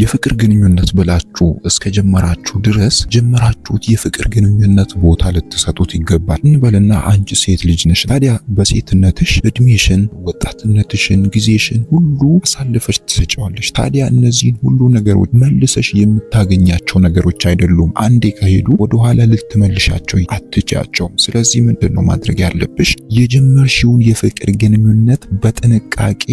የፍቅር ግንኙነት ብላችሁ እስከ ጀመራችሁ ድረስ ጀመራችሁት የፍቅር ግንኙነት ቦታ ልትሰጡት ይገባል። እንበልና አንቺ ሴት ልጅ ነሽ። ታዲያ በሴትነትሽ እድሜሽን፣ ወጣትነትሽን፣ ጊዜሽን ሁሉ አሳልፈሽ ትሰጫዋለሽ። ታዲያ እነዚህን ሁሉ ነገሮች መልሰሽ የምታገኛቸው ነገሮች አይደሉም። አንዴ ከሄዱ ወደኋላ ልትመልሻቸው አትቻቸውም። ስለዚህ ምንድን ነው ማድረግ ያለብሽ? የጀመርሽውን የፍቅር ግንኙነት በጥንቃቄ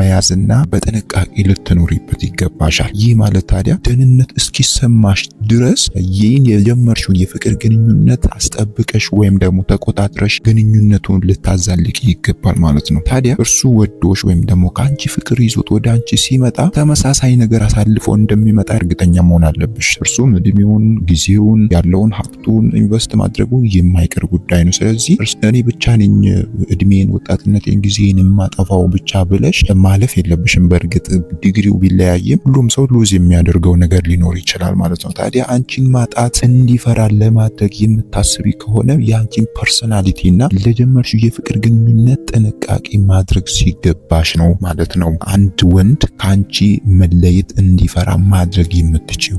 መያዝና በጥንቃቄ ልትኖሪበት ይገባሻል። ይህ ማለት ታዲያ ደህንነት እስኪሰማሽ ድረስ ይህን የጀመርሽውን የፍቅር ግንኙነት አስጠብቀሽ ወይም ደግሞ ተቆጣጥረሽ ግንኙነቱን ልታዛልቅ ይገባል ማለት ነው። ታዲያ እርሱ ወዶሽ ወይም ደግሞ ከአንቺ ፍቅር ይዞት ወደ አንቺ ሲመጣ ተመሳሳይ ነገር አሳልፎ እንደሚመጣ እርግጠኛ መሆን አለብሽ። እርሱም እድሜውን፣ ጊዜውን፣ ያለውን ሀብቱን ኢንቨስት ማድረጉ የማይቀር ጉዳይ ነው። ስለዚህ እኔ ብቻ ነኝ እድሜን፣ ወጣትነቴን፣ ጊዜን የማጠፋው ብቻ ብለሽ ማለፍ የለብሽም። በእርግጥ ዲግሪው ቢለያይም ሁሉም ሰው ሉዝ የሚያደርገው ነገር ሊኖር ይችላል ማለት ነው። ታዲያ አንቺን ማጣት እንዲፈራ ለማድረግ የምታስቢ ከሆነ የአንቺን ፐርሶናሊቲ እና ለጀመርሽው የፍቅር ግንኙነት ጥንቃቄ ማድረግ ሲገባሽ ነው ማለት ነው። አንድ ወንድ ከአንቺ መለየት እንዲፈራ ማድረግ የምትችው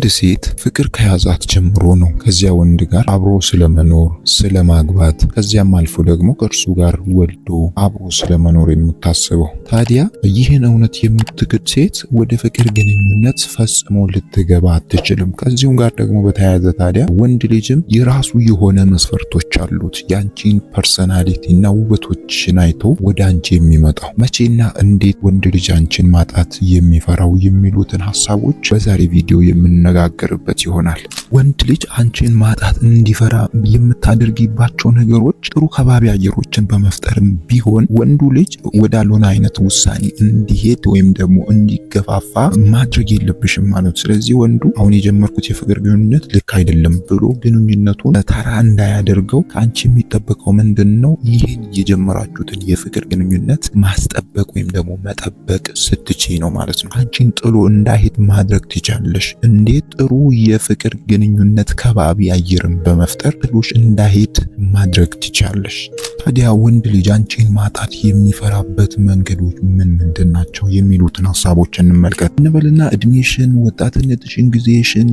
አንድ ሴት ፍቅር ከያዛት ጀምሮ ነው ከዚያ ወንድ ጋር አብሮ ስለመኖር ስለማግባት ከዚያም አልፎ ደግሞ ከእርሱ ጋር ወልዶ አብሮ ስለመኖር የምታስበው። ታዲያ ይህን እውነት የምትክድ ሴት ወደ ፍቅር ግንኙነት ፈጽሞ ልትገባ አትችልም። ከዚሁም ጋር ደግሞ በተያያዘ ታዲያ ወንድ ልጅም የራሱ የሆነ መስፈርቶች አሉት። የአንቺን ፐርሰናሊቲ እና ውበቶችን አይቶ ወደ አንቺ የሚመጣው መቼና እንዴት ወንድ ልጅ አንቺን ማጣት የሚፈራው የሚሉትን ሀሳቦች በዛሬ ቪዲዮ የምና የምንነጋገርበት ይሆናል። ወንድ ልጅ አንቺን ማጣት እንዲፈራ የምታደርጊባቸው ነገሮች ጥሩ ከባቢ አየሮችን በመፍጠርም ቢሆን ወንዱ ልጅ ወዳልሆነ አይነት ውሳኔ እንዲሄድ ወይም ደግሞ እንዲገፋፋ ማድረግ የለብሽም ማለት ነው። ስለዚህ ወንዱ አሁን የጀመርኩት የፍቅር ግንኙነት ልክ አይደለም ብሎ ግንኙነቱን ተራ እንዳያደርገው ከአንቺ የሚጠበቀው ምንድን ነው? ይህን የጀመራችሁትን የፍቅር ግንኙነት ማስጠበቅ ወይም ደግሞ መጠበቅ ስትች ነው ማለት ነው። አንቺን ጥሎ እንዳይሄድ ማድረግ ትቻለሽ እንዴ ጥሩ የፍቅር ግንኙነት ከባቢ አየርን በመፍጠር ጥሎሽ እንዳይሄድ ማድረግ ትቻለሽ። ታዲያ ወንድ ልጅ አንቺን ማጣት የሚፈራበት መንገዶች ምን ምንድን ናቸው? የሚሉትን ሀሳቦች እንመልከት እንበልና እድሜሽን፣ ወጣትነትሽን፣ ጊዜሽን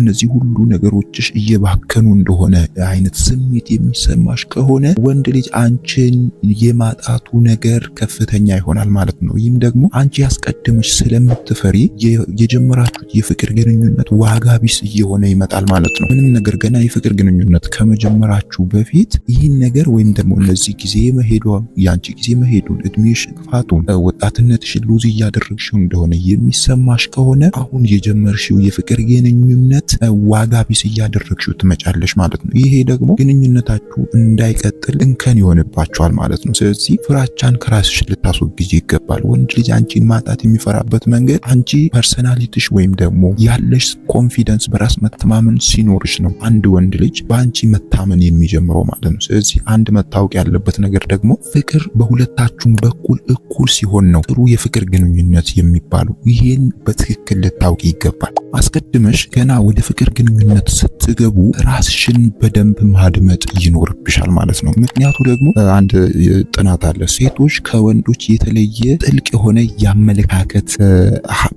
እነዚህ ሁሉ ነገሮችሽ እየባከኑ እንደሆነ አይነት ስሜት የሚሰማሽ ከሆነ ወንድ ልጅ አንቺን የማጣቱ ነገር ከፍተኛ ይሆናል ማለት ነው። ይህም ደግሞ አንቺ ያስቀድመሽ ስለምትፈሪ የጀመራችሁት የፍቅር ግንኙነት ግንኙነት ዋጋ ቢስ እየሆነ ይመጣል ማለት ነው። ምንም ነገር ገና የፍቅር ግንኙነት ከመጀመራችሁ በፊት ይህን ነገር ወይም ደግሞ እነዚህ ጊዜ መሄዷ የአንቺ ጊዜ መሄዱን እድሜ ሽግፋቱን ወጣትነትሽ ሉዝ እያደረግሽው እንደሆነ የሚሰማሽ ከሆነ አሁን የጀመርሽው የፍቅር ግንኙነት ዋጋ ቢስ እያደረግሽው ትመጫለሽ ማለት ነው። ይሄ ደግሞ ግንኙነታችሁ እንዳይቀጥል እንከን ይሆንባቸዋል ማለት ነው። ስለዚህ ፍራቻን ከራስሽ ልታስወግጅ ይገባል። ወንድ ልጅ አንቺን ማጣት የሚፈራበት መንገድ አንቺ ፐርሰናሊቲሽ ወይም ደግሞ ያለ ሲኖርሽ ኮንፊደንስ በራስ መተማመን ሲኖርሽ ነው አንድ ወንድ ልጅ በአንቺ መታመን የሚጀምረው ማለት ነው። ስለዚህ አንድ መታወቅ ያለበት ነገር ደግሞ ፍቅር በሁለታችሁም በኩል እኩል ሲሆን ነው ጥሩ የፍቅር ግንኙነት የሚባለው። ይህን በትክክል ልታውቅ ይገባል። አስቀድመሽ ገና ወደ ፍቅር ግንኙነት ስትገቡ ራስሽን በደንብ ማድመጥ ይኖርብሻል ማለት ነው። ምክንያቱ ደግሞ አንድ ጥናት አለ፣ ሴቶች ከወንዶች የተለየ ጥልቅ የሆነ የአመለካከት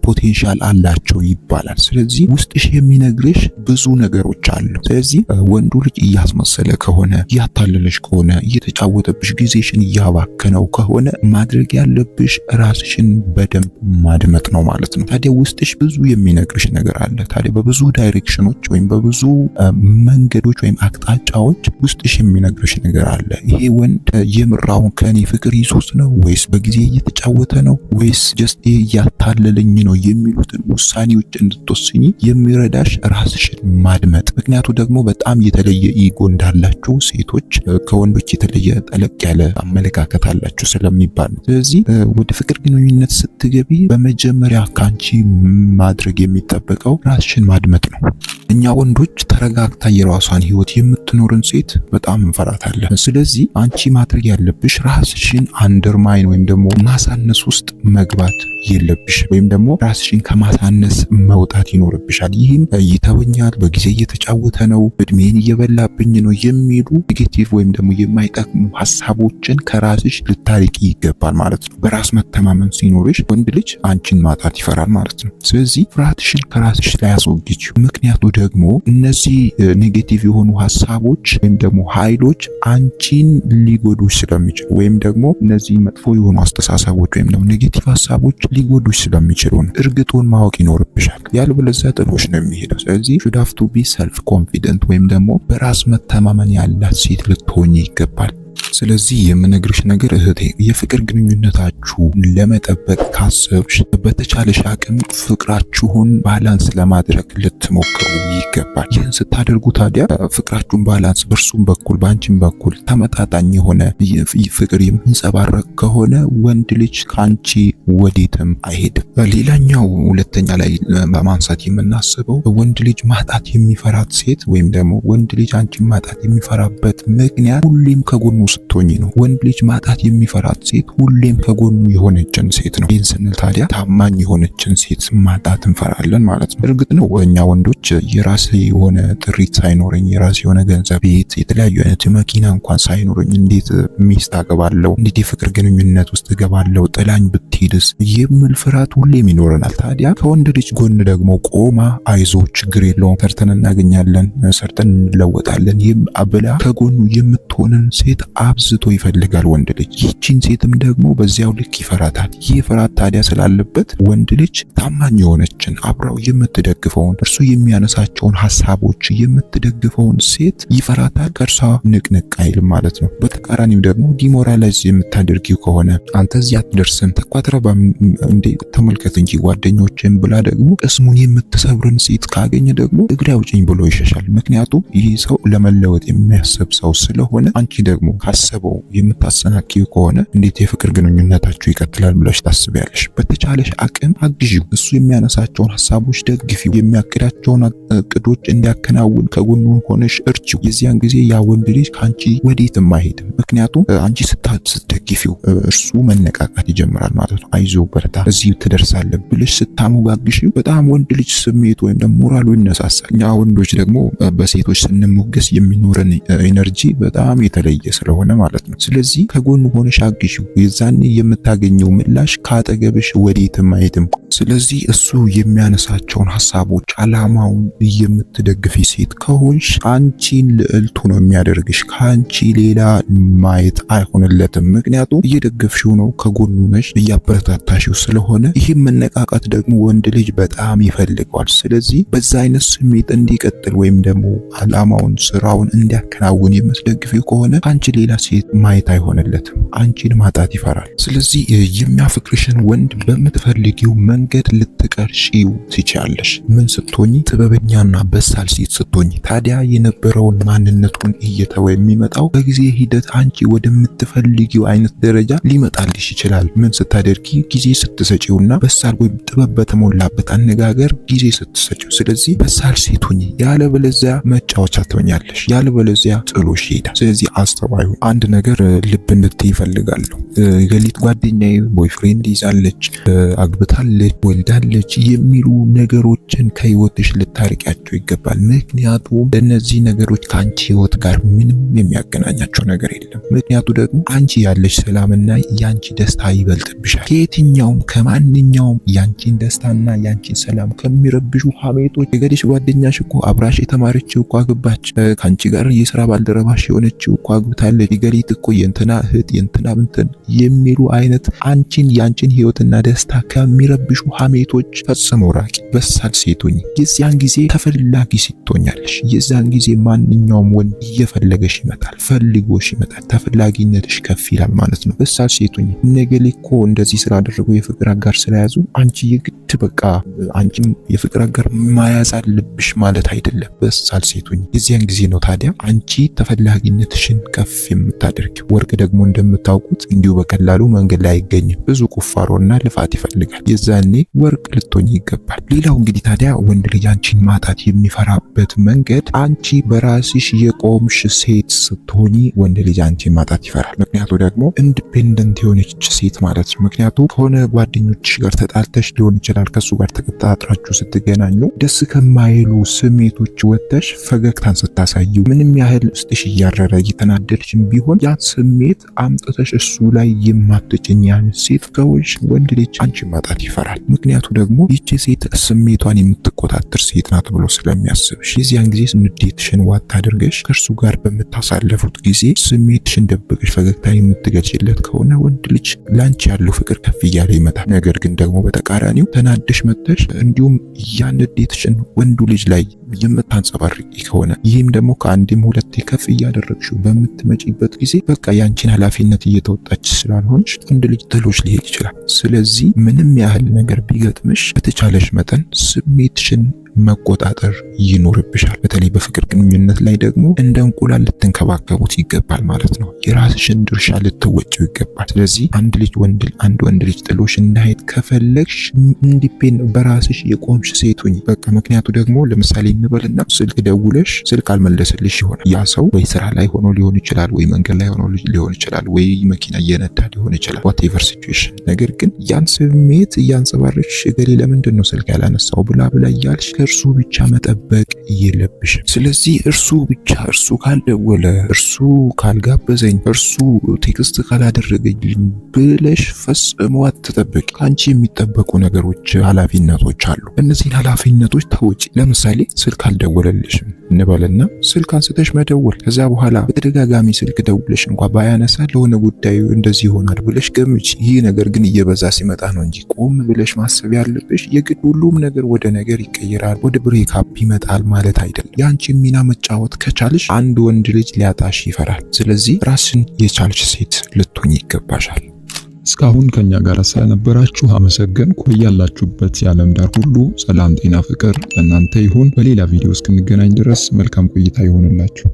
ፖቴንሻል አላቸው ይባላል። ስለዚህ ስለዚህ ውስጥሽ የሚነግርሽ ብዙ ነገሮች አሉ። ስለዚህ ወንዱ ልጅ እያስመሰለ ከሆነ እያታለለሽ ከሆነ እየተጫወተብሽ ጊዜሽን እያባከነው ከሆነ ማድረግ ያለብሽ ራስሽን በደንብ ማድመጥ ነው ማለት ነው። ታዲያ ውስጥሽ ብዙ የሚነግርሽ ነገር አለ። ታዲያ በብዙ ዳይሬክሽኖች ወይም በብዙ መንገዶች ወይም አቅጣጫዎች ውስጥሽ የሚነግርሽ ነገር አለ። ይሄ ወንድ የምራውን ከኔ ፍቅር ይዞት ነው ወይስ በጊዜ እየተጫወተ ነው ወይስ ጀስት እያታለለኝ ነው የሚሉትን ውሳኔዎች እንድትወስኝ የሚረዳሽ ራስሽን ማድመጥ። ምክንያቱ ደግሞ በጣም የተለየ ኢጎ እንዳላችሁ ሴቶች ከወንዶች የተለየ ጠለቅ ያለ አመለካከት አላችሁ ስለሚባል ነው። ስለዚህ ወደ ፍቅር ግንኙነት ስትገቢ በመጀመሪያ ካንቺ ማድረግ የሚጠበቀው ራስሽን ማድመጥ ነው። እኛ ወንዶች ተረጋግታ የራሷን ህይወት የምትኖርን ሴት በጣም እንፈራታለን። ስለዚህ አንቺ ማድረግ ያለብሽ ራስሽን አንደርማይን ወይም ደግሞ ማሳነስ ውስጥ መግባት የለብሽ ወይም ደግሞ ራስሽን ከማሳነስ መውጣት ይኖር ይኖርብሻል፣ ይህም ይተወኛል፣ በጊዜ እየተጫወተ ነው፣ እድሜን እየበላብኝ ነው የሚሉ ኔጌቲቭ ወይም ደግሞ የማይጠቅሙ ሀሳቦችን ከራስሽ ልታርቂ ይገባል ማለት ነው። በራስ መተማመን ሲኖርሽ ወንድ ልጅ አንቺን ማጣት ይፈራል ማለት ነው። ስለዚህ ፍርሃትሽን ከራስሽ ላይ አስወግጅ። ምክንያቱ ደግሞ እነዚህ ኔጌቲቭ የሆኑ ሀሳቦች ወይም ደግሞ ኃይሎች አንቺን ሊጎዱሽ ስለሚችሉ ወይም ደግሞ እነዚህ መጥፎ የሆኑ አስተሳሰቦች ወይም ደግሞ ኔጌቲቭ ሀሳቦች ሊጎዱሽ ስለሚችሉ ነው። እርግጡን ማወቅ ይኖርብሻል። ያልበለዚያ ጥሎሽ ነው የሚሄደው። ስለዚህ ሹድ ሃቭ ቱ ቢ ሰልፍ ኮንፊደንት ወይም ደግሞ በራስ መተማመን ያላት ሴት ልትሆኝ ይገባል። ስለዚህ የምነግርሽ ነገር እህቴ የፍቅር ግንኙነታችሁ ለመጠበቅ ካሰብሽ በተቻለሽ አቅም ፍቅራችሁን ባላንስ ለማድረግ ልትሞክሩ ይገባል። ይህን ስታደርጉ ታዲያ ፍቅራችሁን ባላንስ በእርሱም በኩል በአንቺም በኩል ተመጣጣኝ የሆነ ፍቅር የሚንጸባረቅ ከሆነ ወንድ ልጅ ከአንቺ ወዴትም አይሄድም። ሌላኛው ሁለተኛ ላይ በማንሳት የምናስበው ወንድ ልጅ ማጣት የሚፈራት ሴት ወይም ደግሞ ወንድ ልጅ አንቺን ማጣት የሚፈራበት ምክንያት ሁሌም ከጎኑ ልትሆኚ ነው። ወንድ ልጅ ማጣት የሚፈራት ሴት ሁሌም ከጎኑ የሆነችን ሴት ነው። ይህን ስንል ታዲያ ታማኝ የሆነችን ሴት ማጣት እንፈራለን ማለት ነው። እርግጥ ነው እኛ ወንዶች የራሴ የሆነ ጥሪት ሳይኖረኝ የራሴ የሆነ ገንዘብ፣ ቤት፣ የተለያዩ አይነት መኪና እንኳን ሳይኖረኝ እንዴት ሚስት አገባለው? እንዴት የፍቅር ግንኙነት ውስጥ እገባለው? ጥላኝ ብትሄድስ? የምል ፍርሃት ሁሌም ይኖረናል። ታዲያ ከወንድ ልጅ ጎን ደግሞ ቆማ አይዞ ችግር የለውም ሰርተን እናገኛለን ሰርተን እንለወጣለን ብላ ከጎኑ የምትሆንን ሴት አብዝቶ ይፈልጋል ወንድ ልጅ። ይህችን ሴትም ደግሞ በዚያው ልክ ይፈራታል። ይህ ፍርሃት ታዲያ ስላለበት ወንድ ልጅ ታማኝ የሆነችን አብራው የምትደግፈውን እርሱ የሚያነሳቸውን ሀሳቦች የምትደግፈውን ሴት ይፈራታል። ከእርሷ ንቅንቅ አይልም ማለት ነው። በተቃራኒም ደግሞ ዲሞራላይዝ የምታደርጊው ከሆነ አንተ እዚህ አትደርስም ተቋትረባ እንዴ ተመልከት እንጂ ጓደኞችን ብላ ደግሞ ቅስሙን የምትሰብርን ሴት ካገኘ ደግሞ እግሬ አውጭኝ ብሎ ይሸሻል። ምክንያቱም ይህ ሰው ለመለወጥ የሚያስብ ሰው ስለሆነ አንቺ ደግሞ ሳታስበው የምታሰናኪው ከሆነ እንዴት የፍቅር ግንኙነታችሁ ይቀጥላል ብለሽ ታስቢያለሽ? በተቻለሽ አቅም አግዢው። እሱ የሚያነሳቸውን ሀሳቦች ደግፊው። የሚያቅዳቸውን እቅዶች እንዲያከናውን ከጎኑ ሆነሽ እርቺው። የዚያን ጊዜ ያ ወንድ ልጅ ከአንቺ ወዴትም አይሄድም። ምክንያቱም አንቺ ስትደግፊው እርሱ መነቃቃት ይጀምራል ማለት ነው። አይዞ በርታ፣ እዚህ ትደርሳለህ ብለሽ ስታሞጋግሽው በጣም ወንድ ልጅ ስሜት ወይም ደግሞ ሞራሉ ይነሳሳል። እኛ ወንዶች ደግሞ በሴቶች ስንሞገስ የሚኖረን ኤነርጂ በጣም የተለየ ስለሆነ ከሆነ ማለት ነው። ስለዚህ ከጎኑ ሆነሽ አግዢው። የዛኔ የምታገኘው ምላሽ ከአጠገብሽ ወዴትም አይሄድም። ስለዚህ እሱ የሚያነሳቸውን ሀሳቦች፣ አላማውን የምትደግፊ ሴት ከሆንሽ አንቺን ልዕልቱ ነው የሚያደርግሽ። ከአንቺ ሌላ ማየት አይሆንለትም። ምክንያቱም እየደገፍሽው ነው፣ ከጎኑ ነሽ፣ እያበረታታሽው ስለሆነ ይህም መነቃቃት ደግሞ ወንድ ልጅ በጣም ይፈልገዋል። ስለዚህ በዛ አይነት ስሜት እንዲቀጥል ወይም ደግሞ አላማውን ስራውን እንዲያከናውን የምትደግፊው ከሆነ አንቺ ሌላ ሴት ማየት አይሆንለትም። አንቺን ማጣት ይፈራል። ስለዚህ የሚያፈቅርሽን ወንድ በምትፈልጊው መንገድ ልትቀርሺው ትችያለሽ። ምን ስትሆኝ? ጥበበኛና በሳል ሴት ስትሆኝ። ታዲያ የነበረውን ማንነቱን እየተወ የሚመጣው በጊዜ ሂደት አንቺ ወደምትፈልጊው አይነት ደረጃ ሊመጣልሽ ይችላል። ምን ስታደርጊ? ጊዜ ስትሰጪውና በሳል ወይም ጥበብ በተሞላበት አነጋገር ጊዜ ስትሰጪው። ስለዚህ በሳል ሴት ሁኚ፣ ያለበለዚያ መጫወቻ ትሆኛለሽ። ያለበለዚያ ጥሎሽ ይሄዳል። ስለዚህ አስተዋይ አንድ ነገር ልብ እንድትይ ይፈልጋለሁ። የገሊት ጓደኛዬ ቦይፍሬንድ ይዛለች፣ አግብታለች፣ ወልዳለች የሚሉ ነገሮችን ከህይወትሽ ልታርቂያቸው ይገባል። ምክንያቱም ለእነዚህ ነገሮች ከአንቺ ህይወት ጋር ምንም የሚያገናኛቸው ነገር የለም። ምክንያቱ ደግሞ አንቺ ያለሽ ሰላምና ያንቺ ደስታ ይበልጥብሻል። ከየትኛውም ከማንኛውም ያንቺን ደስታና ያንቺን ሰላም ከሚረብሹ ሀሜቶች የገሊሽ ጓደኛሽ እኮ አብራሽ የተማረችው እኮ አግባች፣ ከአንቺ ጋር የስራ ባልደረባሽ የሆነችው እኮ አግብታለች ፊገሪት እኮ የእንትና እህት የእንትና ብንትን የሚሉ አይነት አንቺን ያንቺን ህይወትና ደስታ ከሚረብሹ ሀሜቶች ፈጽሞ ራቂ። በሳል ሴቶኝ የዚያን ጊዜ ተፈላጊ ስትሆኛለሽ። የዚያን ጊዜ ማንኛውም ወንድ እየፈለገሽ ይመጣል፣ ፈልጎሽ ይመጣል። ተፈላጊነትሽ ከፍ ይላል ማለት ነው። በሳል ሴቶኝ ነገሌ እኮ እንደዚህ ስላደረጉ የፍቅር አጋር ስለያዙ አንቺ የግድ በቃ አንቺም የፍቅር አጋር ማያዝ አለብሽ ማለት አይደለም። በሳል ሴቶኝ የዚያን ጊዜ ነው ታዲያ አንቺ ተፈላጊነትሽን ከፍ የምታደርግ። ወርቅ ደግሞ እንደምታውቁት እንዲሁ በቀላሉ መንገድ ላይ አይገኝም። ብዙ ቁፋሮና ልፋት ይፈልጋል። የዛኔ ወርቅ ልትሆኝ ይገባል። ሌላው እንግዲህ ታዲያ ወንድ ልጅ አንቺን ማጣት የሚፈራበት መንገድ አንቺ በራስሽ የቆምሽ ሴት ስትሆኚ ወንድ ልጅ አንቺን ማጣት ይፈራል። ምክንያቱ ደግሞ ኢንዲፔንደንት የሆነች ሴት ማለት ነው። ምክንያቱ ከሆነ ጓደኞች ጋር ተጣልተሽ ሊሆን ይችላል። ከሱ ጋር ተቀጣጥራችሁ ስትገናኙ ደስ ከማይሉ ስሜቶች ወጥተሽ ፈገግታን ስታሳዩ ምንም ያህል ውስጥሽ እያረረ እየተናደድሽ እምቢ ቢሆን ያን ስሜት አምጥተሽ እሱ ላይ የማትጭኝ ያን ሴት ከሆንሽ ወንድ ልጅ አንቺ ማጣት ይፈራል። ምክንያቱ ደግሞ ይቺ ሴት ስሜቷን የምትቆጣጠር ሴት ናት ብሎ ስለሚያስብሽ የዚያን ጊዜ ንዴትሽን ዋታ አድርገሽ ከእርሱ ጋር በምታሳለፉት ጊዜ ስሜትሽን ደብቀሽ ፈገግታ የምትገልጭለት ከሆነ ወንድ ልጅ ላንቺ ያለው ፍቅር ከፍ እያለ ይመጣል። ነገር ግን ደግሞ በተቃራኒው ተናደሽ መጥተሽ እንዲሁም ያን ንዴትሽን ወንዱ ልጅ ላይ የምታንጸባርቂ ከሆነ ይህም ደግሞ ከአንድም ሁለቴ ከፍ እያደረግሽው በምትመጪበት ጊዜ በቃ ያንቺን ኃላፊነት እየተወጣች ስላልሆንሽ ወንድ ልጅ ጥሎሽ ሊሄድ ይችላል። ስለዚህ ምንም ያህል ነገር ቢገጥምሽ በተቻለሽ መጠን ስሜትሽን መቆጣጠር ይኖርብሻል። በተለይ በፍቅር ግንኙነት ላይ ደግሞ እንደ እንቁላል ልትንከባከቡት ይገባል ማለት ነው። የራስሽን ድርሻ ልትወጪው ይገባል። ስለዚህ አንድ ልጅ ወንድ አንድ ወንድ ልጅ ጥሎሽ እንዳይሄድ ከፈለግሽ እንዲፔን በራስሽ የቆምሽ ሴት ሁኚ። በቃ ምክንያቱ ደግሞ ለምሳሌ እንበልና ስልክ ደውለሽ ስልክ አልመለሰልሽ ይሆን ያ ሰው ወይ ስራ ላይ ሆኖ ሊሆን ይችላል፣ ወይ መንገድ ላይ ሆኖ ሊሆን ይችላል፣ ወይ መኪና እየነዳ ሊሆን ይችላል። ዋቴቨር ሲቹዌሽን። ነገር ግን ያን ስሜት እያንጸባረቅሽ እገሌ ለምንድን ነው ስልክ ያላነሳው ብላ ብላ እያልሽ እርሱ ብቻ መጠበቅ የለብሽም። ስለዚህ እርሱ ብቻ እርሱ ካልደወለ፣ እርሱ ካልጋበዘኝ፣ እርሱ ቴክስት ካላደረገልኝ ብለሽ ፈጽሞ አትጠበቂ። ከአንቺ የሚጠበቁ ነገሮች ኃላፊነቶች አሉ። እነዚህን ኃላፊነቶች ታወጪ። ለምሳሌ ስልክ አልደወለልሽም እንበልና ስልክ አንስተሽ መደወል። ከዛ በኋላ በተደጋጋሚ ስልክ ደውለሽ እንኳ ባያነሳ ለሆነ ጉዳዩ እንደዚህ ይሆናል ብለሽ ገምች። ይህ ነገር ግን እየበዛ ሲመጣ ነው እንጂ ቆም ብለሽ ማሰብ ያለብሽ የግድ ሁሉም ነገር ወደ ነገር ይቀየራል ጋር ወደ ብሬካፕ ይመጣል ማለት አይደለም። የአንቺን ሚና መጫወት ከቻልሽ አንድ ወንድ ልጅ ሊያጣሽ ይፈራል። ስለዚህ ራስን የቻልሽ ሴት ልትሆኝ ይገባሻል። እስካሁን ከኛ ጋር ስለነበራችሁ አመሰገንኩ። በያላችሁበት የዓለም ዳር ሁሉ ሰላም፣ ጤና፣ ፍቅር ለእናንተ ይሁን። በሌላ ቪዲዮ እስክንገናኝ ድረስ መልካም ቆይታ ይሆንላችሁ።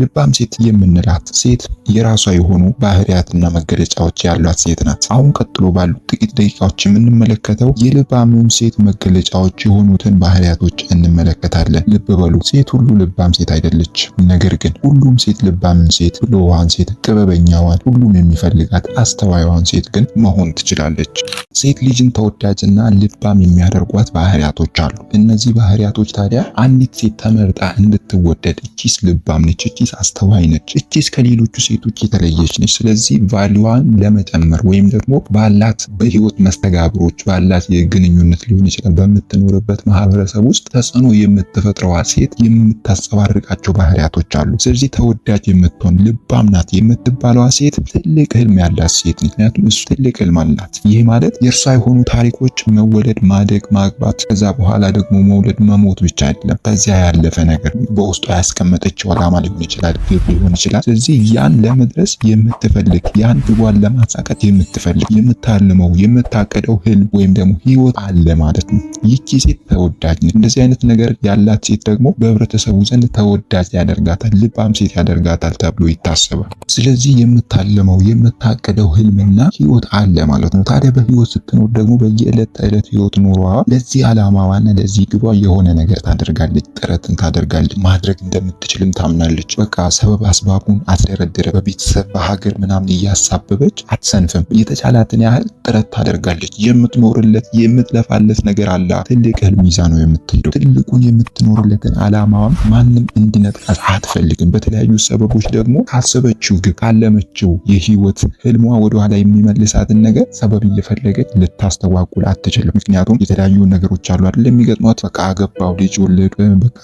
ልባም ሴት የምንላት ሴት የራሷ የሆኑ ባህሪያትና መገለጫዎች ያሏት ሴት ናት። አሁን ቀጥሎ ባሉ ጥቂት ደቂቃዎች የምንመለከተው የልባምም ሴት መገለጫዎች የሆኑትን ባህሪያቶች እንመለከታለን። ልብ በሉ ሴት ሁሉ ልባም ሴት አይደለች። ነገር ግን ሁሉም ሴት ልባምን ሴት፣ ብልህዋን ሴት፣ ጥበበኛዋን፣ ሁሉም የሚፈልጋት አስተዋይዋን ሴት ግን መሆን ትችላለች። ሴት ልጅን ተወዳጅና ልባም የሚያደርጓት ባህሪያቶች አሉ። እነዚህ ባህሪያቶች ታዲያ አንዲት ሴት ተመርጣ እንድትወደድ እቺስ ልባም ነች፣ እቺስ ጎበዝ፣ አስተዋይ ነች። እቺስ ከሌሎቹ ሴቶች የተለየች ነች። ስለዚህ ቫሊዋን ለመጨመር ወይም ደግሞ ባላት በህይወት መስተጋብሮች ባላት የግንኙነት ሊሆን ይችላል በምትኖርበት ማህበረሰብ ውስጥ ተጽዕኖ የምትፈጥረዋ ሴት የምታንጸባርቃቸው ባህሪያቶች አሉ። ስለዚህ ተወዳጅ የምትሆን ልባም ናት የምትባለዋ ሴት ትልቅ ህልም ያላት ሴት ነች። ምክንያቱም እሱ ትልቅ ህልም አላት። ይህ ማለት የእርሷ የሆኑ ታሪኮች መወለድ፣ ማደግ፣ ማግባት ከዛ በኋላ ደግሞ መውለድ፣ መሞት ብቻ አይደለም። ከዚያ ያለፈ ነገር በውስጡ ያስቀመጠችው ዓላማ ሊሆን ይችላል ይችላል፣ ግብ ሊሆን ይችላል። ስለዚህ ያን ለመድረስ የምትፈልግ ያን ግቧን ለማሳካት የምትፈልግ የምታልመው የምታቀደው ህልም ወይም ደግሞ ህይወት አለ ማለት ነው። ይቺ ሴት ተወዳጅ ነች። እንደዚህ አይነት ነገር ያላት ሴት ደግሞ በህብረተሰቡ ዘንድ ተወዳጅ ያደርጋታል፣ ልባም ሴት ያደርጋታል ተብሎ ይታሰባል። ስለዚህ የምታልመው የምታቀደው ህልምና ህይወት አለ ማለት ነው። ታዲያ በህይወት ስትኖር ደግሞ በየዕለት ተዕለት ህይወት ኑሯ ለዚህ አላማዋና ለዚህ ግቧ የሆነ ነገር ታደርጋለች፣ ጥረትን ታደርጋለች፣ ማድረግ እንደምትችልም ታምናለች። በቃ ሰበብ አስባቡን አትደረድረ። በቤተሰብ በሀገር ምናምን እያሳበበች አትሰንፍም። የተቻላትን ያህል ጥረት ታደርጋለች። የምትኖርለት የምትለፋለት ነገር አላ ትልቅ ህልም ይዛ ነው የምትሄደው። ትልቁን የምትኖርለትን አላማዋን ማንም እንዲነጥቃት አትፈልግም። በተለያዩ ሰበቦች ደግሞ ካሰበችው ግብ ካለመችው የህይወት ህልሟ ወደኋላ የሚመልሳትን ነገር ሰበብ እየፈለገች ልታስተጓጉል አትችልም። ምክንያቱም የተለያዩ ነገሮች አሉ አይደል የሚገጥሟት። በቃ አገባው፣ ልጅ ወለዱ፣ በቃ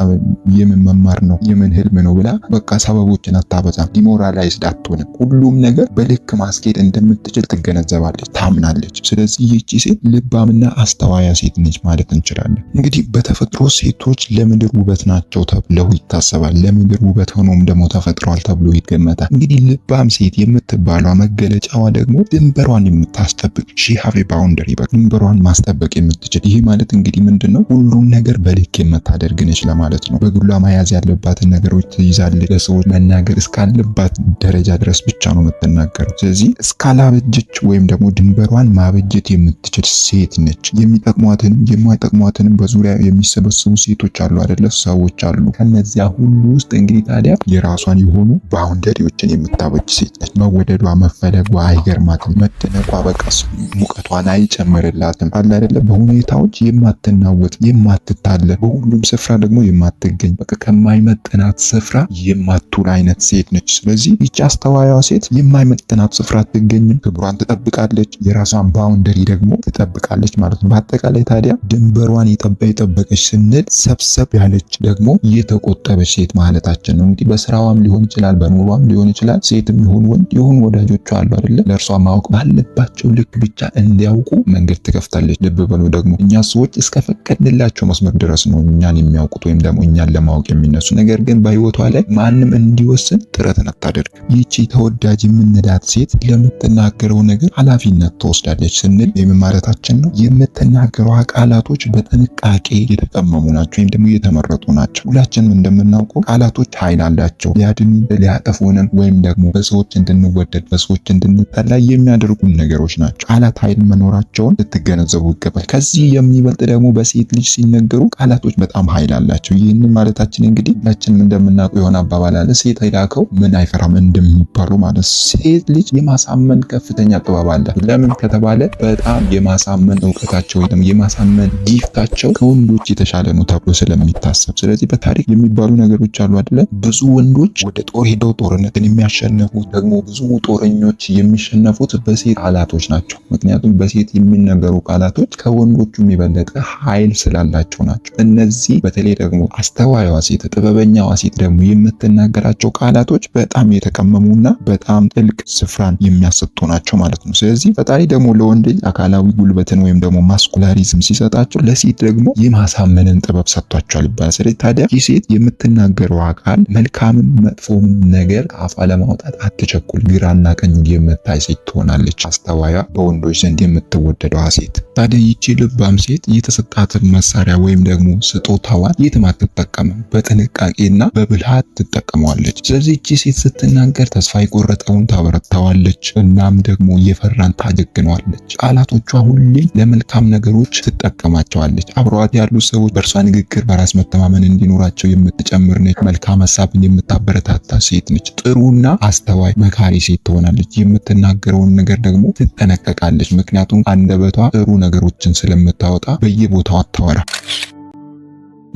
የምን መማር ነው የምን ህልም ነው ብላ በቃ ከሰበቦችን አታበዛም፣ ዲሞራላይዝድ አትሆንም። ሁሉም ነገር በልክ ማስኬድ እንደምትችል ትገነዘባለች፣ ታምናለች። ስለዚህ ይቺ ሴት ልባምና አስተዋያ ሴት ነች ማለት እንችላለን። እንግዲህ በተፈጥሮ ሴቶች ለምድር ውበት ናቸው ተብለው ይታሰባል። ለምድር ውበት ሆኖም ደግሞ ተፈጥሯል ተብሎ ይገመታል። እንግዲህ ልባም ሴት የምትባሏ መገለጫዋ ደግሞ ድንበሯን የምታስጠብቅ ሺ ሀቭ ባውንደሪ በቃ ድንበሯን ማስጠበቅ የምትችል ይህ ማለት እንግዲህ ምንድን ነው? ሁሉም ነገር በልክ የምታደርግ ነች ለማለት ነው። በግሏ መያዝ ያለባትን ነገሮች ትይዛለች። ሰዎች መናገር እስካለባት ደረጃ ድረስ ብቻ ነው የምትናገረው። ስለዚህ እስካላበጀች ወይም ደግሞ ድንበሯን ማበጀት የምትችል ሴት ነች። የሚጠቅሟትንም የማይጠቅሟትንም በዙሪያ የሚሰበስቡ ሴቶች አሉ አይደለ? ሰዎች አሉ። ከነዚያ ሁሉ ውስጥ እንግዲህ ታዲያ የራሷን የሆኑ ባውንደሪዎችን የምታበጅ ሴት ነች። መወደዷ፣ መፈለጓ አይገርማትም። መደነቋ በቃ ሙቀቷን አይጨምርላትም። አለ አደለ? በሁኔታዎች የማትናወጥ የማትታለ፣ በሁሉም ስፍራ ደግሞ የማትገኝ በቃ ከማይመጥናት ስፍራ የማ የማቱል አይነት ሴት ነች። ስለዚህ ይቺ አስተዋይዋ ሴት የማይመጥናት ስፍራ አትገኝም፣ ክብሯን ትጠብቃለች፣ የራሷን ባውንደሪ ደግሞ ትጠብቃለች ማለት ነው። በአጠቃላይ ታዲያ ድንበሯን የጠበቀች ስንል ሰብሰብ ያለች ደግሞ የተቆጠበች ሴት ማለታችን ነው። እንግዲህ በስራዋም ሊሆን ይችላል፣ በኑሯም ሊሆን ይችላል። ሴትም ይሁን ወንድ ይሁን ወዳጆቿ አሉ አይደለ? ለእርሷ ማወቅ ባለባቸው ልክ ብቻ እንዲያውቁ መንገድ ትከፍታለች። ልብ በሉ ደግሞ እኛ ሰዎች እስከፈቀድንላቸው መስመር ድረስ ነው እኛን የሚያውቁት ወይም ደግሞ እኛን ለማወቅ የሚነሱ ነገር ግን በህይወቷ ላይ ማን ማንም እንዲወስን ጥረትን አታደርግ። ይቺ ተወዳጅ የምንላት ሴት ለምትናገረው ነገር ኃላፊነት ትወስዳለች ስንል የመማረታችን ነው። የምትናገሯ ቃላቶች በጥንቃቄ የተቀመሙ ናቸው ወይም ደግሞ የተመረጡ ናቸው። ሁላችንም እንደምናውቀው ቃላቶች ኃይል አላቸው። ሊያድን ሊያጠፉንም ወይም ደግሞ በሰዎች እንድንወደድ በሰዎች እንድንጠላ የሚያደርጉን ነገሮች ናቸው። ቃላት ኃይል መኖራቸውን ልትገነዘቡ ይገባል። ከዚህ የሚበልጥ ደግሞ በሴት ልጅ ሲነገሩ ቃላቶች በጣም ኃይል አላቸው። ይህንን ማለታችን እንግዲህ ሁላችንም እንደምናውቀው የሆነ አባባል በኋላ ለሴት የላከው ምን አይፈራም እንደሚባሉ ማለት ሴት ልጅ የማሳመን ከፍተኛ ጥበብ አለ። ለምን ከተባለ በጣም የማሳመን እውቀታቸው ወይም የማሳመን ጊፍታቸው ከወንዶች የተሻለ ነው ተብሎ ስለሚታሰብ፣ ስለዚህ በታሪክ የሚባሉ ነገሮች አሉ አይደለም። ብዙ ወንዶች ወደ ጦር ሄደው ጦርነትን የሚያሸነፉት ደግሞ ብዙ ጦረኞች የሚሸነፉት በሴት ቃላቶች ናቸው። ምክንያቱም በሴት የሚነገሩ ቃላቶች ከወንዶቹ የበለጠ ኃይል ስላላቸው ናቸው። እነዚህ በተለይ ደግሞ አስተዋይዋ ሴት ጥበበኛዋ ሴት ደግሞ የምትን የምናገራቸው ቃላቶች በጣም የተቀመሙ እና በጣም ጥልቅ ስፍራን የሚያሰጡ ናቸው ማለት ነው። ስለዚህ ፈጣሪ ደግሞ ለወንድ ልጅ አካላዊ ጉልበትን ወይም ደግሞ ማስኩላሪዝም ሲሰጣቸው ለሴት ደግሞ የማሳመንን ጥበብ ሰጥቷቸዋል ይባላል። ስለዚህ ታዲያ ይህ ሴት የምትናገረው አካል መልካምን መጥፎም ነገር አፏ ለማውጣት አትቸኩል፣ ግራና ቀኝ የምታይ ሴት ትሆናለች። አስተዋያ፣ በወንዶች ዘንድ የምትወደደዋ ሴት። ታዲያ ይቺ ልባም ሴት የተሰጣትን መሳሪያ ወይም ደግሞ ስጦታዋን የትም አትጠቀምም፣ በጥንቃቄና በብልሃት ትጠቀ ትጠቀመዋለች። ስለዚህ እቺ ሴት ስትናገር ተስፋ የቆረጠውን ታበረታዋለች። እናም ደግሞ እየፈራን ታጀግነዋለች። ቃላቶቿ ሁሌም ለመልካም ነገሮች ትጠቀማቸዋለች። አብረዋት ያሉ ሰዎች በእርሷ ንግግር በራስ መተማመን እንዲኖራቸው የምትጨምር ነች። መልካም ሀሳብን የምታበረታታ ሴት ነች። ጥሩና አስተዋይ መካሪ ሴት ትሆናለች። የምትናገረውን ነገር ደግሞ ትጠነቀቃለች። ምክንያቱም አንደበቷ ጥሩ ነገሮችን ስለምታወጣ በየቦታው አታወራ።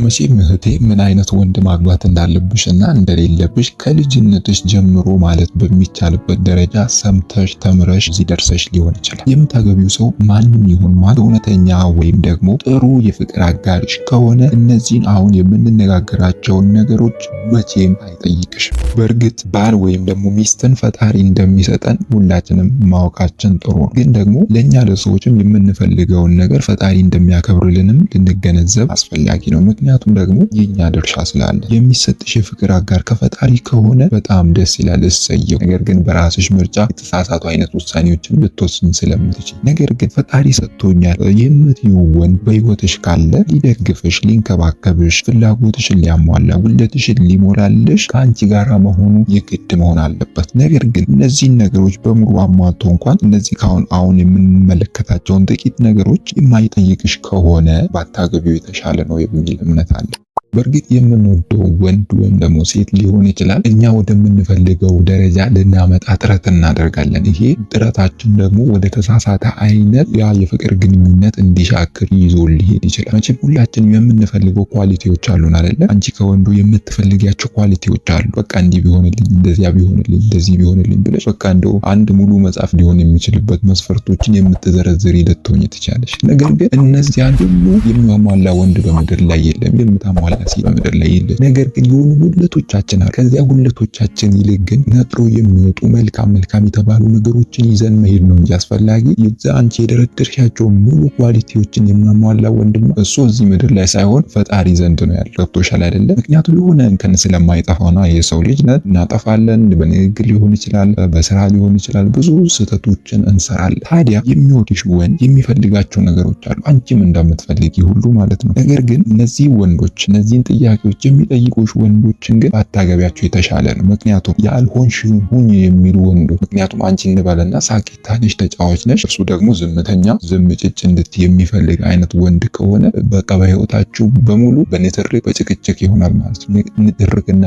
መቼም እህቴ ምን አይነት ወንድ ማግባት እንዳለብሽና እንደሌለብሽ ከልጅነትሽ ጀምሮ ማለት በሚቻልበት ደረጃ ሰምተሽ ተምረሽ እዚህ ደርሰሽ ሊሆን ይችላል። የምታገቢው ሰው ማንም ይሁን ማለት እውነተኛ ወይም ደግሞ ጥሩ የፍቅር አጋሪሽ ከሆነ እነዚህን አሁን የምንነጋገራቸውን ነገሮች መቼም አይጠይቅሽም። በእርግጥ ባል ወይም ደግሞ ሚስትን ፈጣሪ እንደሚሰጠን ሁላችንም ማወቃችን ጥሩ ነው። ግን ደግሞ ለእኛ ለሰዎችም የምንፈልገውን ነገር ፈጣሪ እንደሚያከብርልንም ልንገነዘብ አስፈላጊ ነው። ምክንያቱም ደግሞ የኛ ድርሻ ስላለ የሚሰጥሽ የፍቅር አጋር ከፈጣሪ ከሆነ በጣም ደስ ይላል፣ እሰየው። ነገር ግን በራስሽ ምርጫ የተሳሳቱ አይነት ውሳኔዎችን ልትወስን ስለምትችል፣ ነገር ግን ፈጣሪ ሰጥቶኛል የምትዩ ወንድ በህይወትሽ ካለ ሊደግፍሽ፣ ሊንከባከብሽ፣ ፍላጎትሽን ሊያሟላ፣ ጉለትሽን ሊሞላልሽ ከአንቺ ጋራ መሆኑ የግድ መሆን አለበት። ነገር ግን እነዚህን ነገሮች በሙሉ አሟልቶ እንኳን እነዚህ ካሁን አሁን የምንመለከታቸውን ጥቂት ነገሮች የማይጠይቅሽ ከሆነ ባታገቢው የተሻለ ነው የሚል እምነት አለ። በእርግጥ የምንወደው ወንድ ወይም ደግሞ ሴት ሊሆን ይችላል። እኛ ወደምንፈልገው ደረጃ ልናመጣ ጥረት እናደርጋለን። ይሄ ጥረታችን ደግሞ ወደ ተሳሳተ አይነት ያ የፍቅር ግንኙነት እንዲሻክር ይዞ ሊሄድ ይችላል። መቼም ሁላችን የምንፈልገው ኳሊቲዎች አሉን አይደለ? አንቺ ከወንዱ የምትፈልጊያቸው ኳሊቲዎች አሉ። በቃ እንዲህ ቢሆንልኝ፣ እንደዚያ ቢሆንልኝ፣ እንደዚህ ቢሆንልኝ ብለሽ በቃ እንደው አንድ ሙሉ መጽሐፍ ሊሆን የሚችልበት መስፈርቶችን የምትዘረዝሪ ልትሆኝ ትችላለች። ነገር ግን እነዚያን ሁሉ የሚያሟላ ወንድ በምድር ላይ የለም። የምታሟላ ስለ በምድር ላይ የለም። ነገር ግን የሆኑ ጉድለቶቻችን አሉ። ከዚያ ጉድለቶቻችን ይልቅ ግን ነጥሮ የሚወጡ መልካም መልካም የተባሉ ነገሮችን ይዘን መሄድ ነው እንጂ አስፈላጊ ይዛ አንቺ የደረደርሻቸው ሙሉ ኳሊቲዎችን የማሟላ ወንድማ እሱ እዚህ ምድር ላይ ሳይሆን ፈጣሪ ዘንድ ነው ያለ። ገብቶሻል አይደለም? ምክንያቱም የሆነ እንከን ስለማይጠፋ ነው። የሰው ልጅ ነን፣ እናጠፋለን። በንግግር ሊሆን ይችላል፣ በስራ ሊሆን ይችላል። ብዙ ስህተቶችን እንሰራለን። ታዲያ የሚወድሽ ወንድ የሚፈልጋቸው ነገሮች አሉ፣ አንቺም እንደምትፈልጊ ሁሉ ማለት ነው። ነገር ግን እነዚህ ወንዶች እነዚህን ጥያቄዎች የሚጠይቁሽ ወንዶችን ግን አታገቢያቸው የተሻለ ነው። ምክንያቱም ያልሆንሽን ሁኝ የሚሉ ወንዶች ምክንያቱም አንቺ እንበለና ሳቂታ ነሽ፣ ተጫዋች ነሽ፣ እርሱ ደግሞ ዝምተኛ ዝምጭጭ እንድት የሚፈልግ አይነት ወንድ ከሆነ በቃ በህይወታችሁ በሙሉ በንትርክ በጭቅጭቅ ይሆናል ማለት ነው። ንትርክና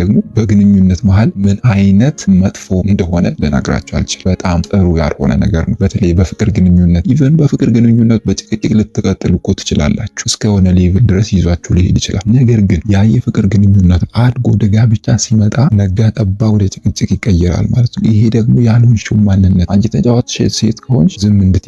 ደግሞ በግንኙነት መሀል ምን አይነት መጥፎ እንደሆነ ልነግራቸው አልችል። በጣም ጥሩ ያልሆነ ነገር ነው። በተለይ በፍቅር ግንኙነት ኢቨን በፍቅር ግንኙነት በጭቅጭቅ ልትቀጥሉ እኮ ትችላላችሁ። እስከሆነ ሌቭል ድረስ ይዟችሁ ሊሄድ ይችላል። ነገር ግን ያ የፍቅር ግንኙነት አድጎ ወደ ጋብቻ ሲመጣ ነጋ ጠባ ወደ ጭቅጭቅ ይቀየራል ማለት ነው። ይሄ ደግሞ ያልሆንሽው ማንነት አንቺ ተጫዋች ሴት ከሆንሽ ዝም እንድት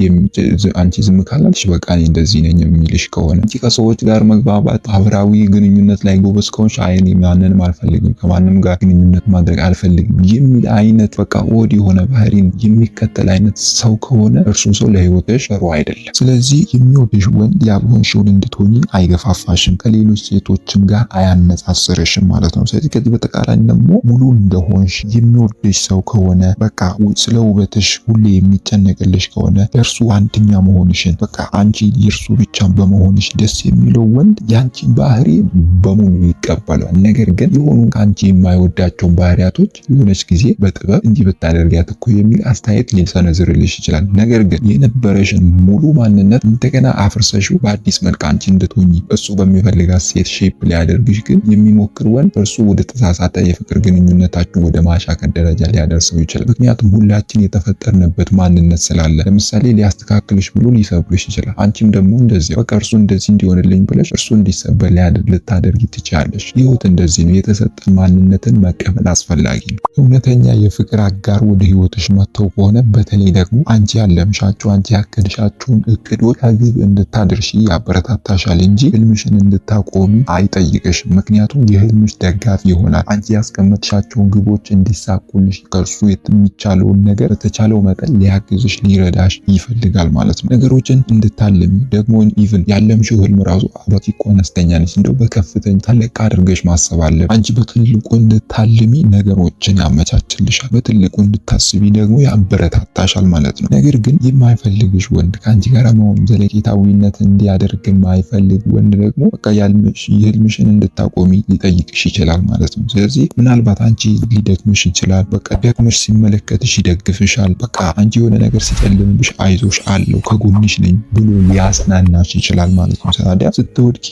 አንቺ ዝም ካላልሽ በቃ እኔ እንደዚህ ነኝ የሚልሽ ከሆነ አንቺ ከሰዎች ጋር መግባባት ማህበራዊ ግንኙነት ላይ ጎበዝ ከሆንሽ አይ እኔ ማንንም አልፈልግም ከማንም ጋር ግንኙነት ማድረግ አልፈልግም የሚል አይነት በቃ ወድ የሆነ ባህሪን የሚከተል አይነት ሰው ከሆነ እርሱም ሰው ለህይወትሽ ጥሩ አይደለም። ስለዚህ የሚወድሽ ወንድ ያልሆንሽውን እንድትሆኝ አይገፋፋሽም ከሌሎች ከሌሎች ሴቶችም ጋር አያነጻጽርሽም ማለት ነው። ስለዚህ ከዚህ በተቃራኒ ደግሞ ሙሉ እንደሆንሽ የሚወድሽ ሰው ከሆነ በቃ ስለ ውበትሽ ሁሌ የሚጨነቅልሽ ከሆነ እርሱ አንደኛ መሆንሽን በቃ አንቺ የእርሱ ብቻ በመሆንሽ ደስ የሚለው ወንድ ያንቺን ባህሪ በሙሉ ይቀበለዋል። ነገር ግን የሆኑ ከአንቺ የማይወዳቸውን ባህሪያቶች የሆነች ጊዜ በጥበብ እንዲህ ብታደርጊያት እኮ የሚል አስተያየት ሊሰነዝርልሽ ይችላል። ነገር ግን የነበረሽን ሙሉ ማንነት እንደገና አፍርሰሽው በአዲስ መልክ አንቺ እንድትሆኚ እሱ በሚፈልጋት ሴት ሼፕ ሊያደርግሽ ግን የሚሞክር ወንድ እርሱ ወደ ተሳሳተ የፍቅር ግንኙነታችን ወደ ማሻከር ደረጃ ሊያደርሰው ይችላል። ምክንያቱም ሁላችን የተፈጠርንበት ማንነት ስላለ፣ ለምሳሌ ሊያስተካክልሽ ብሎ ሊሰብርሽ ይችላል። አንቺም ደግሞ እንደዚህ በቃ እርሱ እንደዚህ እንዲሆንልኝ ብለሽ እርሱ እንዲሰበር ልታደርግ ትችላለሽ። ህይወት እንደዚህ ነው። የተሰጠን ማንነትን መቀበል አስፈላጊ ነው። እውነተኛ የፍቅር አጋር ወደ ህይወትሽ መጥተው ከሆነ በተለይ ደግሞ አንቺ ያለምሻቸው አንቺ ያቀድሻቸውን እቅዶች ከግብ እንድታደርሺ ያበረታታሻል እንጂ ህልምሽን እንድታቆ ቆሚ አይጠይቅሽ፣ ምክንያቱም የህልምሽ ደጋፊ ይሆናል። አንቺ ያስቀመጥሻቸውን ግቦች እንዲሳኩልሽ ከእርሱ የሚቻለውን ነገር በተቻለው መጠን ሊያግዝሽ ሊረዳሽ ይፈልጋል ማለት ነው። ነገሮችን እንድታልሚ ደግሞ ኢቭን ያለምሽው ህልም ራሱ አባት እኮ አነስተኛ ነች፣ እንደው በከፍተኛ ተለቅ አድርገሽ ማሰብ አለ። አንቺ በትልቁ እንድታልሚ ነገሮችን ያመቻችልሻል፣ በትልቁ እንድታስቢ ደግሞ ያበረታታሻል ማለት ነው። ነገር ግን የማይፈልግሽ ወንድ ከአንቺ ጋር መሆን ዘለቄታዊነት እንዲያደርግ የማይፈልግ ወንድ ደግሞ በቃ ያልም ህልምሽን እንድታቆሚ ሊጠይቅሽ ይችላል ማለት ነው። ስለዚህ ምናልባት አንቺ ሊደክምሽ ይችላል። በቃ ደክምሽ ሲመለከትሽ ይደግፍሻል። በቃ አንቺ የሆነ ነገር ሲጨልምብሽ አይዞሽ አለው ከጎንሽ ነኝ ብሎ ሊያጽናናሽ ይችላል ማለት ነው። ታዲያ ስትወድቂ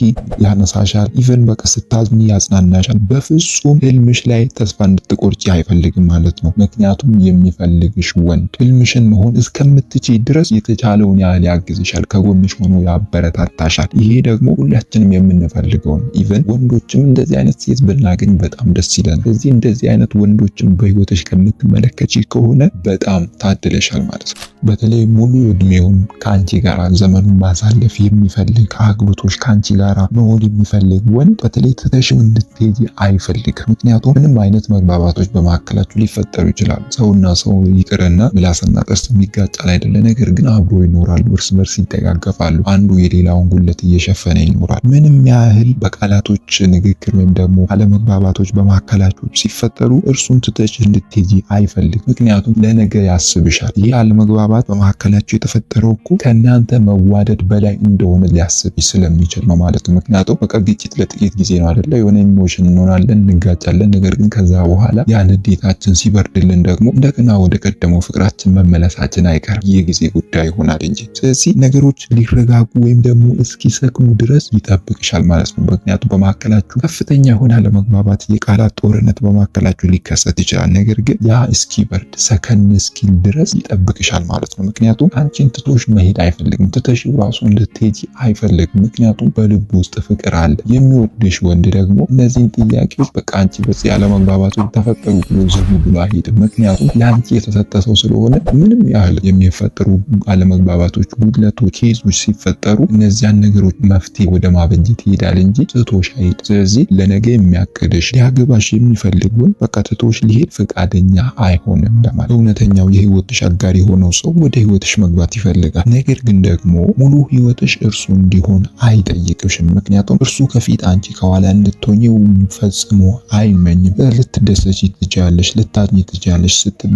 ያነሳሻል። ኢቨን በቃ ስታዝኒ ያጽናናሻል። በፍጹም ህልምሽ ላይ ተስፋ እንድትቆርጭ አይፈልግም ማለት ነው። ምክንያቱም የሚፈልግሽ ወንድ ህልምሽን መሆን እስከምትች ድረስ የተቻለውን ያህል ያግዝሻል፣ ከጎንሽ ሆኖ ያበረታታሻል። ይሄ ደግሞ ሁላችንም የምንፈ የምንፈልገው ነው። ኢቨን ወንዶችም እንደዚህ አይነት ሴት ብናገኝ በጣም ደስ ይለናል። እዚህ እንደዚህ አይነት ወንዶችን በህይወትሽ ከምትመለከች ከሆነ በጣም ታድለሻል ማለት ነው። በተለይ ሙሉ እድሜውን ከአንቺ ጋር ዘመኑን ማሳለፍ የሚፈልግ ከአግብቶች ከአንቺ ጋር መሆን የሚፈልግ ወንድ በተለይ ትተሽው እንድትሄጂ አይፈልግም። ምክንያቱም ምንም አይነት መግባባቶች በመካከላችሁ ሊፈጠሩ ይችላሉ። ሰውና ሰው ይቅርና ምላስና ጥርስ የሚጋጫል አይደለ? ነገር ግን አብሮ ይኖራሉ፣ እርስ በርስ ይደጋገፋሉ። አንዱ የሌላውን ጉለት እየሸፈነ ይኖራል ምንም ያህል በቃላቶች ንግግር ወይም ደግሞ አለመግባባቶች በመካከላችሁ ሲፈጠሩ እርሱን ትተሽ እንድትሄጂ አይፈልግ ምክንያቱም ለነገ ያስብሻል። ይህ አለመግባባት በመካከላችሁ የተፈጠረው እኮ ከእናንተ መዋደድ በላይ እንደሆነ ሊያስብ ስለሚችል ነው ማለት ነው። ምክንያቱም በቃ ግጭት ለጥቂት ጊዜ ነው አደለ? የሆነ ኢሞሽን እንሆናለን፣ እንጋጫለን። ነገር ግን ከዛ በኋላ ያን ንዴታችን ሲበርድልን ደግሞ እንደገና ወደ ቀደመው ፍቅራችን መመለሳችን አይቀርም። የጊዜ ጉዳይ ይሆናል እንጂ። ስለዚህ ነገሮች ሊረጋጉ ወይም ደግሞ እስኪሰክኑ ድረስ ይጠብቅሻል ማለት ማለት ነው። ምክንያቱም በመካከላችሁ ከፍተኛ የሆነ አለመግባባት፣ የቃላት ጦርነት በመካከላችሁ ሊከሰት ይችላል። ነገር ግን ያ እስኪበርድ ሰከን እስኪል ድረስ ይጠብቅሻል ማለት ነው። ምክንያቱም አንቺን ትቶሽ መሄድ አይፈልግም። ትተሽ ራሱ እንድትሄጂ አይፈልግም። ምክንያቱም በልብ ውስጥ ፍቅር አለ። የሚወድሽ ወንድ ደግሞ እነዚህን ጥያቄዎች በቃ አንቺ በዚህ አለመግባባቶች ተፈጠሩ ብሎ ዝም ብሎ አይሄድም። ምክንያቱም ለአንቺ የተሰጠ ሰው ስለሆነ ምንም ያህል የሚፈጠሩ አለመግባባቶች፣ ጉድለቶች፣ ኬዞች ሲፈጠሩ እነዚያን ነገሮች መፍትሄ ወደ ማበጀት ይሄዳል። ይላል እንጂ ትቶሽ አይሄድ። ስለዚህ ለነገ የሚያቅድሽ ሊያገባሽ የሚፈልጉን በቃ ትቶሽ ሊሄድ ፈቃደኛ አይሆንም ለማለት። እውነተኛው የህይወትሽ አጋር የሆነው ሰው ወደ ህይወትሽ መግባት ይፈልጋል። ነገር ግን ደግሞ ሙሉ ህይወትሽ እርሱ እንዲሆን አይጠይቅሽም። ምክንያቱም እርሱ ከፊት አንቺ ከኋላ እንድትሆኚው ፈጽሞ አይመኝም። ልትደሰች ትችያለሽ፣ ልታዝኝ ትችያለሽ፣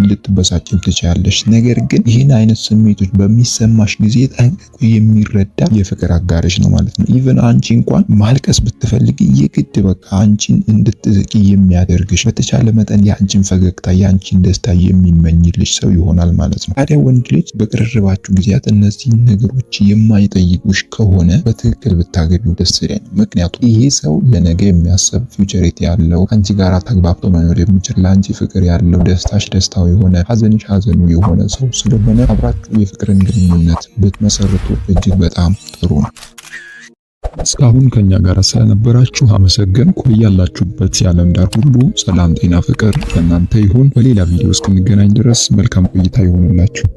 ልትበሳጭም ትችያለሽ። ነገር ግን ይህን አይነት ስሜቶች በሚሰማሽ ጊዜ ጠንቅቆ የሚረዳ የፍቅር አጋርሽ ነው ማለት ነው። ኢቨን አንቺ እንኳን ማልቀስ ብትፈልግ የግድ በቃ አንቺን እንድትስቂ የሚያደርግሽ በተቻለ መጠን የአንቺን ፈገግታ የአንቺን ደስታ የሚመኝልሽ ሰው ይሆናል ማለት ነው። ታዲያ ወንድ ልጅ በቅርርባችሁ ጊዜያት እነዚህን ነገሮች የማይጠይቁሽ ከሆነ በትክክል ብታገቢው ደስ ይለኛል። ምክንያቱም ይሄ ሰው ለነገ የሚያሰብ ፊውቸሪቲ ያለው አንቺ ጋር ተግባብቶ መኖር የሚችል ለአንቺ ፍቅር ያለው ደስታሽ ደስታው የሆነ ሀዘንሽ ሀዘኑ የሆነ ሰው ስለሆነ አብራችሁ የፍቅርን ግንኙነት ብትመሰርቱ እጅግ በጣም ጥሩ ነው። እስካሁን ከኛ ጋር ስለነበራችሁ አመሰገንኩ። ያላችሁበት የዓለም ዳር ሁሉ ሰላም፣ ጤና፣ ፍቅር ለእናንተ ይሁን። በሌላ ቪዲዮ እስክንገናኝ ድረስ መልካም ቆይታ ይሆንላችሁ።